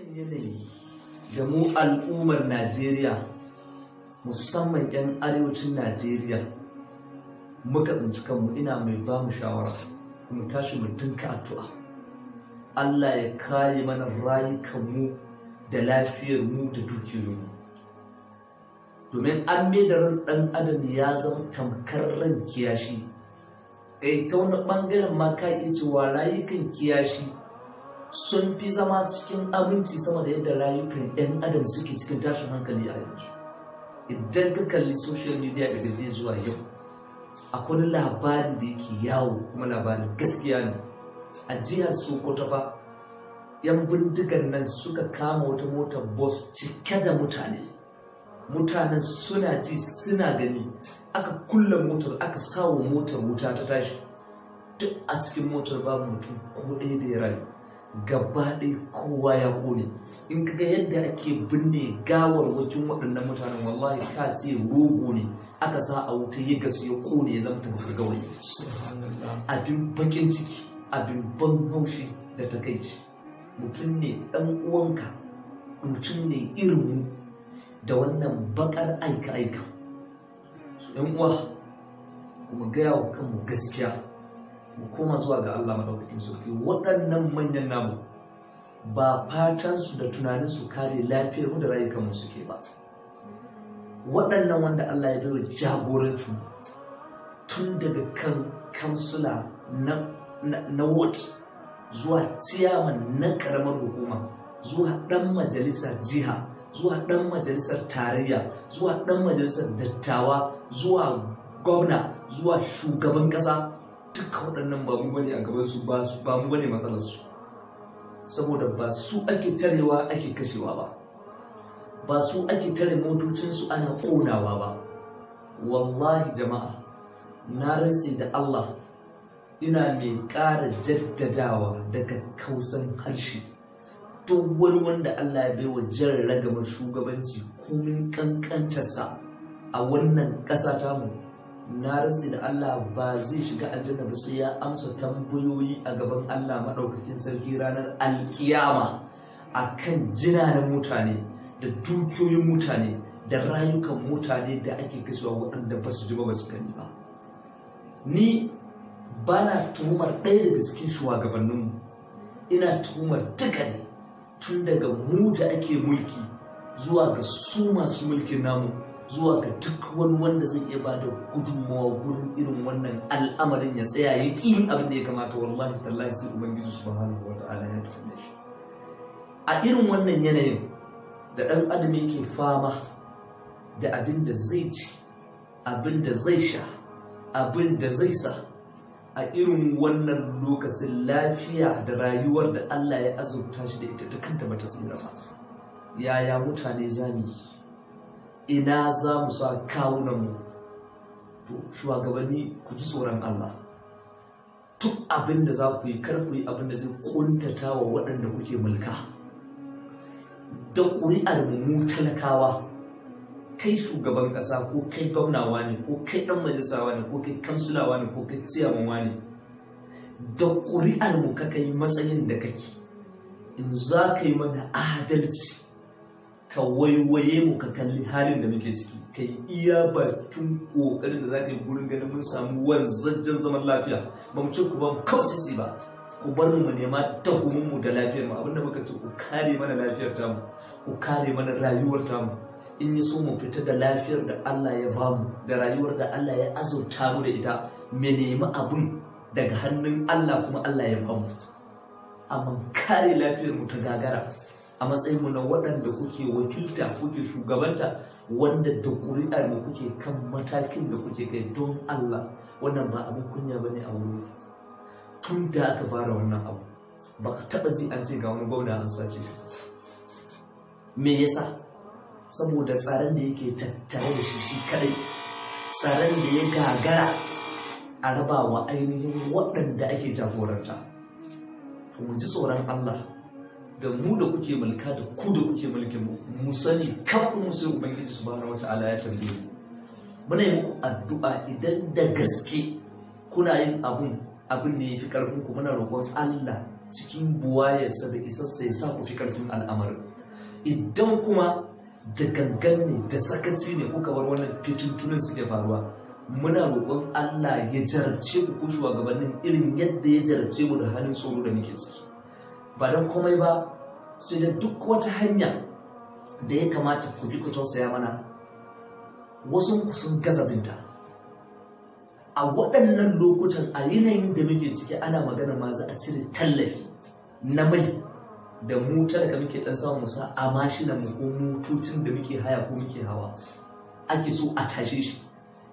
wannan yanayi da mu al'ummar najeriya musamman 'yan arewacin najeriya muka tsinci kanmu ina mai ba mu shawara kuma tashi mu dinka addu'a allah ya kare mana mu da lafiyar mu da mu. domin an mai da ran ɗan adam ya zama tamkar ran kiyashi kai eh, ta wani ɓangaren ma ka iya cewa rayukan kiyashi sun fi zama cikin aminci sama da yadda rayukan 'yan adam suke cikin tashin hankali a yanzu idan ka kalli social media daga zai zuwa yau akwai labari da yake yawo kuma labarin gaskiya ne a jihar sokoto fa yan bindigar nan suka kama wata motar bus cike da mutane mutanen suna ji suna gani aka kulle motar aka sawo motar wuta ta tashi duk a cikin motar babu mutum ko ɗaya da ya rayu gaba ɗaya kowa ya kone in kaga yadda ake binne gawar wajen waɗannan mutanen wallahi ka ce rogo ne aka sa a wuta ya gasu ya kone ya zama tafi gawayi abin bakin ciki abin ban haushi da takaici mutum ne ɗan uwanka mutum ne irin mu da wannan bakar aika-aika su ɗan uwa kuma gaya wa kanmu gaskiya mu koma zuwa ga Allah madaukakin sarki waɗannan manyan namu ba fatan su da tunanin su kare lafiyar mu da rayukan mu suke ba waɗannan wanda Allah ya bai wa jagoranci tun daga kan kansula na na ward zuwa ciyaman na karamar hukuma zuwa ɗan majalisar jiha zuwa ɗan majalisar tarayya zuwa ɗan majalisar dattawa zuwa gwamna zuwa shugaban ƙasa duka waɗannan ba mu bane a gaban su ba su ba mu bane matsalar su saboda ba su ake tarewa ake kashewa ba ba su ake tare motocin su ana konawa ba wallahi jama'a na rantse da Allah ina mai ƙara jaddadawa daga kausan harshe duk wani wanda Allah ya baiwa jan ragamar shugabanci kumin kankantarsa a wannan ƙasa tamu na rantsi da Allah ba zai shiga aljanna ba sai ya amsa tambayoyi a gaban Allah maɗaukakin sarki ranar alkiyama a kan jinanen mutane da dukiyoyin mutane da rayukan mutane da ake kasuwa waɗanda ba su ji ba su gani ba ni ba na tuhumar ɗaya daga cikin shugabanninmu ina tuhumar duka ne tun daga mu da ake mulki zuwa ga su masu mulkin namu zuwa ga duk wani wanda zai iya ba da gudunmawa gurin irin wannan al'amarin ya tsaya ya ƙi abin da ya kamata wallahi tallahi sai ubangiji subhanahu wa ta'ala ya tafi da shi a irin wannan yanayin da ɗan adam yake fama da abin da zai ci abin da zai sha abin da zai sa a irin wannan lokacin lafiya da rayuwar da Allah ya azurta shi da ita ta kanta bata tsira ba yaya mutane zamu yi ina za mu sa kawunanmu to shugabanni ku ji tsoron Allah duk abin da za ku yi kar ku yi abin da zai kuntata wa waɗanda kuke mulka da ƙuri'ar mu talakawa kai shugaban ƙasa ko kai gwamnawa ne ko kai ɗan majalisawa ne ko kai kamsulawa ne ko kai ciyamanwa ne da ƙuri'ar mu ka kai matsayin da kake in za ka yi mana adalci ka waiwaye mu ka kalli halin da muke ciki ka yi iya bakin kokarin da za ka yi gurin ganin mun samu wanzajjen zaman lafiya ba mu ce ku ba mu kausisi ba ku bar mu nema tagumin mu da lafiyar mu abinda muka ce ku kare mana lafiyar tamu ku kare mana rayuwar tamu in yi so mu fita da lafiyar da Allah ya mu da rayuwar da Allah ya azurta mu da ita mu nemi abun daga hannun Allah kuma Allah ya mu amma kare lafiyar mu ta gagara a matsayinmu na waɗanda kuke wakilta kuke shugabanta wanda da ƙuri'a mu kuke kan matakin da kuke kai don Allah wannan ba abin kunya ba ne a wurin tun da aka fara wannan abu ba ka taɓa ji an ce ga wani gwamna an sace shi me yasa saboda tsaron da yake tattare da shi kadai tsaron da ya gagara a raba wa ainihin waɗanda ake jagoranta to mu ji tsoron Allah da mu da kuke mulka da ku da kuke mulkin mu sani kafin mu sai ubangiji subhanahu wataala ya tambaye mu muna yi muku addu'a idan da gaske kuna yin abun abin da ya fi karfin ku muna roƙon Allah cikin buwayarsa da isassa ya sa ku fi karfin al'amarin idan kuma da gangan ne da sakaci ne kuka bar wannan fitintunin suke faruwa muna roƙon Allah ya jarabce ku ku shugabannin irin yadda ya jarabce mu da halin tsoro da muke ciki ba don komai ba sai da duk wata hanya da ya kamata ku bi ku tausaya mana wasu kusan sun gaza binta a waɗannan lokutan a yanayin da muke ciki ana magana ma za a cire tallafi na mai da mu talaka muke ɗan samun musa a mashinan mu ko motocin da muke haya ko muke hawa ake so a tashe shi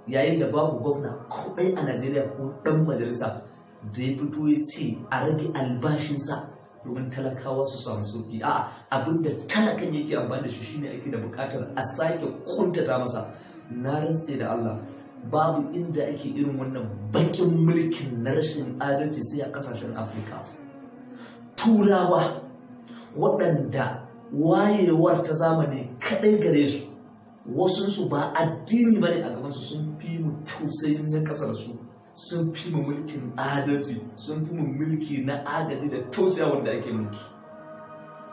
yayin da babu gwamna ko a najeriya ko ɗan majalisa da ya fito ya ce a rage albashinsa domin talakawa su samu sauki a abin da talakan yake amfani da shi shine ake da bukatar a sake kuntata masa na rantse da Allah babu inda ake irin wannan bakin mulkin na rashin adalci sai a kasashen Afrika. turawa waɗanda wayewar ta zamani kaɗai gare su wasu su ba addini ba ne a gabansu sun fi mu tausayin na kasar su sun fi mu mulkin adalci sun fi mu mulki na adali da tausaya wanda ake mulki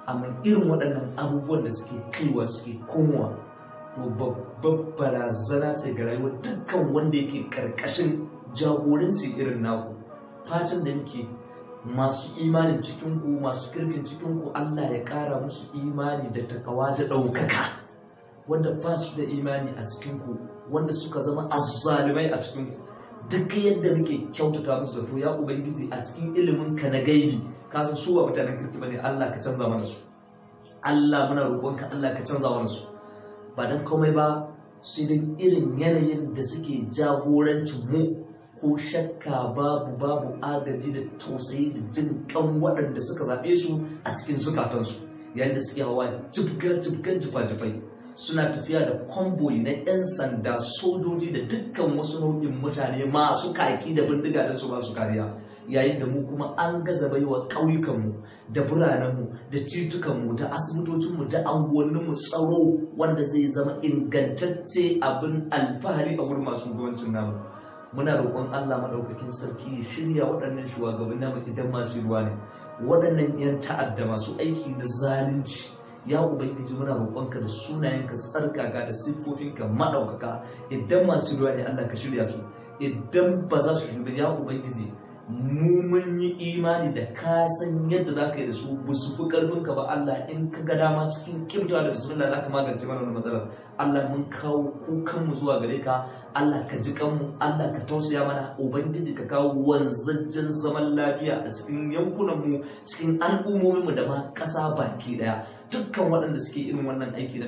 amma irin waɗannan abubuwan da suke kaiwa suke komowa to babbar barazana ce ga rayuwa dukkan wanda yake karkashin jagoranci irin naku fatan da muke masu imanin cikinku masu kirkin cikinku Allah ya kara musu imani da takawa da ɗaukaka wanda ba su da imani a cikinku wanda suka zama azzalumai a cikinku duk yadda muke kyautata musu zato ya ubangiji a cikin ilimin ka na gaibi ka san su ba mutanen kirki bane Allah ka canza mana su Allah muna ka Allah ka canza mana su ba dan komai ba sai dan irin yanayin da suke jagorancin mu ko shakka babu babu agaji da tausayi da jin kan waɗanda suka zaɓe su a cikin zukatansu yayin da suke hawa jibgar jibgar jifa-jifai suna tafiya da kwamboi na 'yan sanda sojoji da dukkan wasu nau'in mutane masu kaki da bindiga da su masu kariya yayin da mu kuma an gaza baiwa ƙauyukanmu da biranenmu da titukanmu da asibitocinmu da anguwanninmu tsaro wanda zai zama ingantacce abin alfahari a wurin masu shugabancin namu muna roƙon Allah maɗaukakin sarki shirya waɗannan shugabanni namu idan masu ruwa ne waɗannan 'yan ta'adda masu aiki na zalunci ya ubangiji muna roƙonka da sunayenka tsarkaka da siffofinka maɗaukaka idan masu ruwa ne Allah ka shirya su idan ba za su shirya ya ubangiji mu mun yi imani da ka san yadda za ka yi da su ba su fi ƙarfinka ba Allah in ka ga dama cikin kibta da bismillah za ka magance mana wani matsalar Allah mun kawo kukanmu zuwa gare ka Allah ka ji kanmu Allah ka tausaya mana ubangiji ka kawo wanzajjen zaman lafiya a cikin yankunanmu cikin al'ummominmu da ma ƙasa baki daya dukkan waɗanda suke irin wannan aiki